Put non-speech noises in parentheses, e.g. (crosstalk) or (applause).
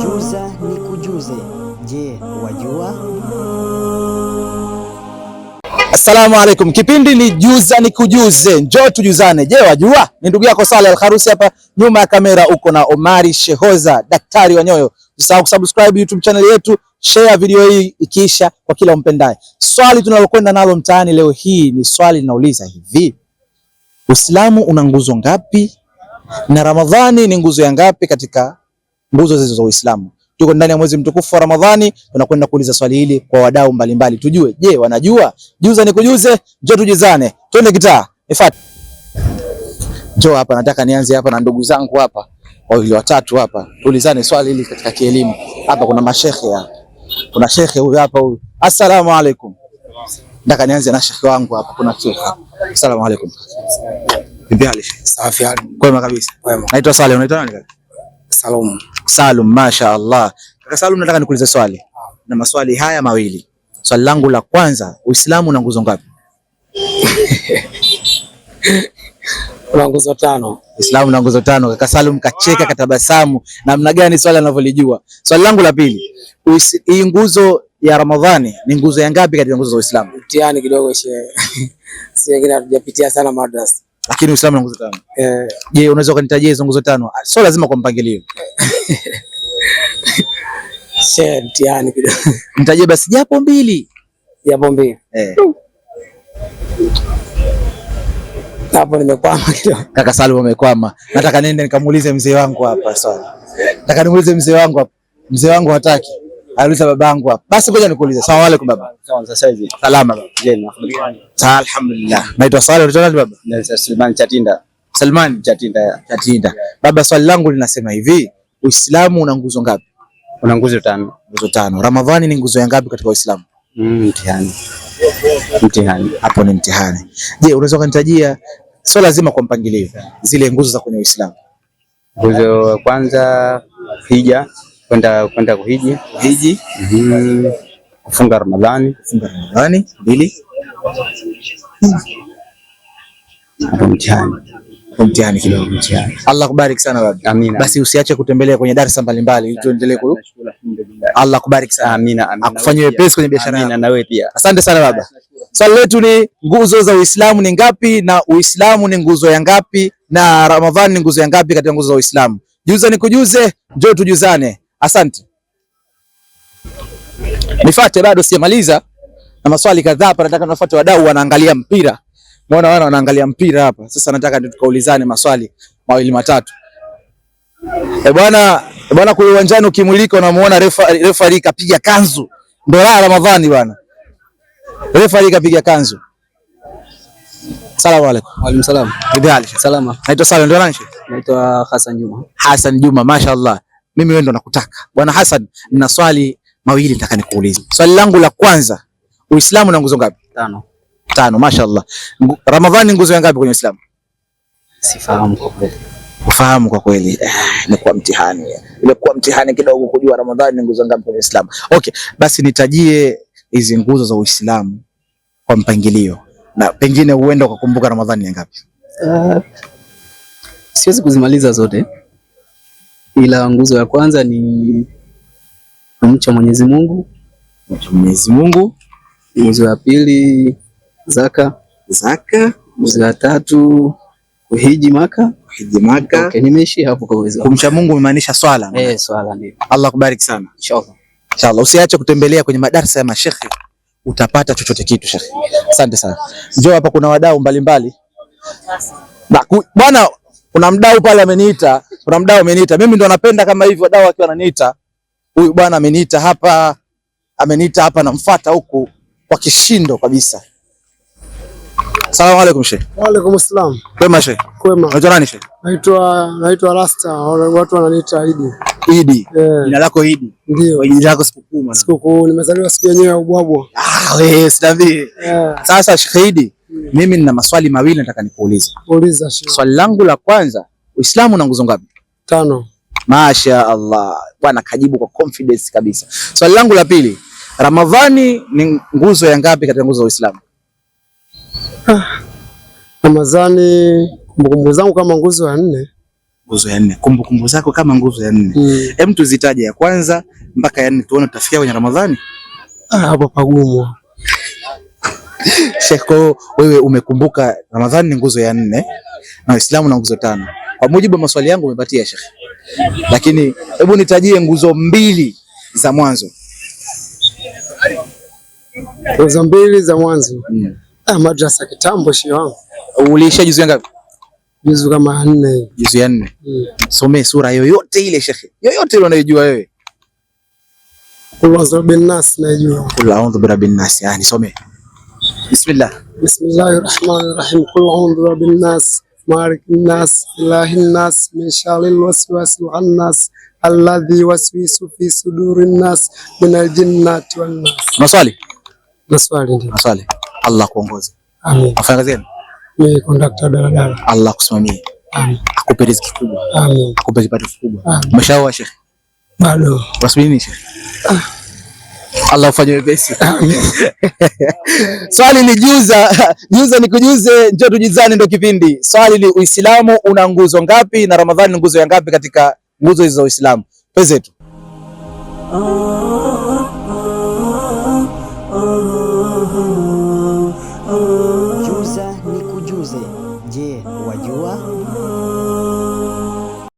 Juza ni kujuze. Je, wajua? Assalamu alaikum. Kipindi ni Juza ni kujuze. Njoo tujuzane. Je, wajua? Ni ndugu yako sale Alharusi hapa nyuma ya kamera uko na Omari Shehoza, daktari wa nyoyo. Usisahau kusubscribe YouTube channel yetu, share video hii ikiisha kwa kila umpendaye. Swali tunalokwenda nalo mtaani leo hii ni swali linauliza hivi: Uislamu una nguzo ngapi na Ramadhani ni nguzo ya ngapi katika nguzo zilizo za Uislamu? Tuko ndani ya mwezi mtukufu wa Ramadhani, tunakwenda kuuliza swali hili kwa wadau mbalimbali, tujue, je, wanajua? Juza nikujuze, njoo tujizane, twende kitaa. Ifat, njoo hapa. Nataka nianze hapa na ndugu zangu hapa wawili watatu hapa, tuulizane swali hili katika kielimu. Hapa kuna mashekhe hapa, kuna shekhe huyu hapa huyu. Assalamu alaikum. Nataka nianze na shekhi wangu hapa, kuna kitu. Asalamu alaykum. Vipi hali? Safi hali. Kwema kabisa. Kwema. Naitwa Salim, unaitwa nani kaka? Salum. Salum, mashaallah. Kaka Salum, nataka nikuulize swali. Na maswali haya mawili. Swali langu la kwanza, Uislamu una nguzo ngapi? (laughs) Una nguzo tano. Uislamu una nguzo tano. Kaka Salum kacheka katabasamu, namna gani swali anavyolijua. Swali langu la pili, hii nguzo ya Ramadhani ni nguzo ya ngapi katika nguzo za Uislamu? mtihani kidogo shehe. (laughs) Si wengine hatujapitia sana madrasa. Lakini Uislamu nguzo tano. Eh. Je, unaweza kunitajia hizo nguzo tano? Ah, sio lazima kwa mpangilio. (laughs) Shehe, mtihani kidogo. (laughs) Nitajie basi japo mbili. Japo mbili. Eh. Hapo nimekwama kidogo. Kaka Salim amekwama. Nataka nende nikamuulize mzee wangu hapa sawa. Nataka nimuulize mzee wangu hapa. Mzee wangu hataki. Aliuliza babangu hapa. Basi ngoja nikuulize. Salamu alaykum baba. Sasa hivi. Salama baba. Jema. Alhamdulillah. Naitwa Saleh, unaitwa nani baba? Naitwa Salman Chatinda. Salman Chatinda. Chatinda. Baba, swali langu linasema hivi, Uislamu una nguzo ngapi? Una nguzo tano. Nguzo tano. Ramadhani ni nguzo ya ngapi katika Uislamu? Mm, mtihani. Mtihani. Hapo ni mtihani. Je, unaweza kunitajia swala lazima kwa mpangilio zile nguzo za kwenye Uislamu? Nguzo ya kwanza hija kwenda kwenda kuhiji kuhiji, mm, kufunga Ramadhani, kufunga Ramadhani mbili, mtihani mtihani kidogo mtihani. Allah kubariki sana baba, amina. Basi usiache kutembelea kwenye darasa mbalimbali, tuendelee ku Allah kubariki sana, amina, amina. Akufanyie wepesi kwenye biashara yako, amina, na wewe pia. Asante sana baba. Swali letu ni nguzo za Uislamu ni ngapi, na Uislamu ni nguzo ya ngapi, na Ramadhani ni nguzo ya ngapi katika nguzo za Uislamu? Juza nikujuze, njoo tujuzane. Asante. Nifate, bado sijamaliza na maswali kadhaa hapa, nataka niwafuate wadau wanaangalia mpira. Naona wana wanaangalia mpira hapa. Sasa nataka tukaulizane maswali mawili matatu. Eh, bwana e bwana, kule uwanjani ukimulika unamuona refa refa alikapiga kanzu. Ndio la Ramadhani bwana. Refa alikapiga kanzu. Salamu alaykum. Wa alaykum salaam. Naitwa Hassan Juma. Hassan Juma, mashaallah mimi wewe ndo nakutaka. Bwana Hassan, nina swali mawili nataka nikuulize. Swali langu la kwanza, Uislamu na nguzo ngapi? Tano. Tano, mashaallah. Ramadhani nguzo ya ngapi kwenye Uislamu? Sifahamu kwa kweli. Ufahamu kwa kweli. Eh, Imekuwa mtihani. Imekuwa mtihani kidogo kujua Ramadhani ni nguzo ngapi kwenye Uislamu. Okay, basi nitajie hizi nguzo za Uislamu kwa mpangilio na pengine uende ukakumbuka Ramadhani ni ngapi? Uh, siwezi kuzimaliza zote ila nguzo ya kwanza ni kumcha Mwenyezi Mungu. Mwenyezi Mungu. Nguzo ya pili zaka. Zaka. Nguzo ya tatu kuhiji Maka. Kuhiji Maka. Okay, nimeishi hapo kwa uwezo. Kumcha Mungu umemaanisha swala. Eh, swala ndio. Allah kubariki sana. Inshallah. Inshallah usiache kutembelea kwenye madarasa ya mashekhi utapata chochote kitu shekhi. Asante sana. Njoo hapa kuna wadau mbalimbali. Bwana kuna mdau pale ameniita, kuna mdau ameniita. Mimi ndo napenda kama hivyo, dau akiwa ananiita, huyu bwana ameniita hapa, ameniita hapa, namfuata huku kwa kishindo kabisa. Salamu alaykum sheikh. Wa alaykum salam. Kwema sheikh. Kwema. Unaitwa nani sheikh? Naitwa naitwa Rasta, watu wananiita Idi. Idi. Yeah. Jina lako Idi. Ndio. Jina lako sikukuu maana. Sikukuu, nimezaliwa siku yenyewe ya ubwabwa. Ah, wewe usidambie. Yeah. Sasa sheikh Idi. Mimi nina maswali mawili nataka nikuulize. Uliza shehe. Swali langu la kwanza, Uislamu una nguzo ngapi? Tano. Masha Allah. Bwana kajibu kwa confidence kabisa. Swali langu la pili, Ramadhani ni nguzo ya ngapi katika nguzo za Uislamu? Ah. Ramadhani kumbukumbu zangu kama nguzo ya nne. Nguzo ya nne. Kumbukumbu zako kama nguzo ya nne. Hmm. Hem, tuzitaje ya kwanza mpaka ya nne tuone tutafikia kwenye Ramadhani. Ah, hapo pagumu. (laughs) Sheikh, kwa wewe umekumbuka Ramadhani ni nguzo ya nne na Uislamu na nguzo tano. Kwa mujibu wa maswali yangu umepatia Sheikh. Lakini hebu nitajie nguzo mbili za mwanzo. Nguzo mbili za mwanzo. hmm. Ah, madrasa kitambo shio wangu. Uliisha juzu ngapi? Juzu kama nne. Juzu ya nne. Mm. Somee sura yoyote ile Sheikh. Yoyote ile unayojua wewe. Kul a'udhu birabbin nas, najua. Kul a'udhu birabbin nas, yani somee. Bismillah. Bismillahir Rahmanir Rahim. kul a'udhu birabbin nas, malikin nas, ilahin nas, min sharril waswasil khannas, alladhi waswisu fi sudurin nas, min jinnati wan Maswali? Maswali ndio. Maswali. Allah kuongoze. Amin. Afanye kazi. Ni kondakta daladala. Allah kusimamie. Amin. Akupe riziki kubwa. Amin. Akupe kipato kikubwa. Umeshaoa Sheikh? Bado. Unasubiri nini Sheikh? Ah. Allah ufanye wepesi. Swali ni juza, juza ni kujuze, njoo tujizane ndio kipindi. Swali ni Uislamu una nguzo ngapi na Ramadhani ni nguzo ya ngapi katika nguzo hizo za Uislamu? Pezetu.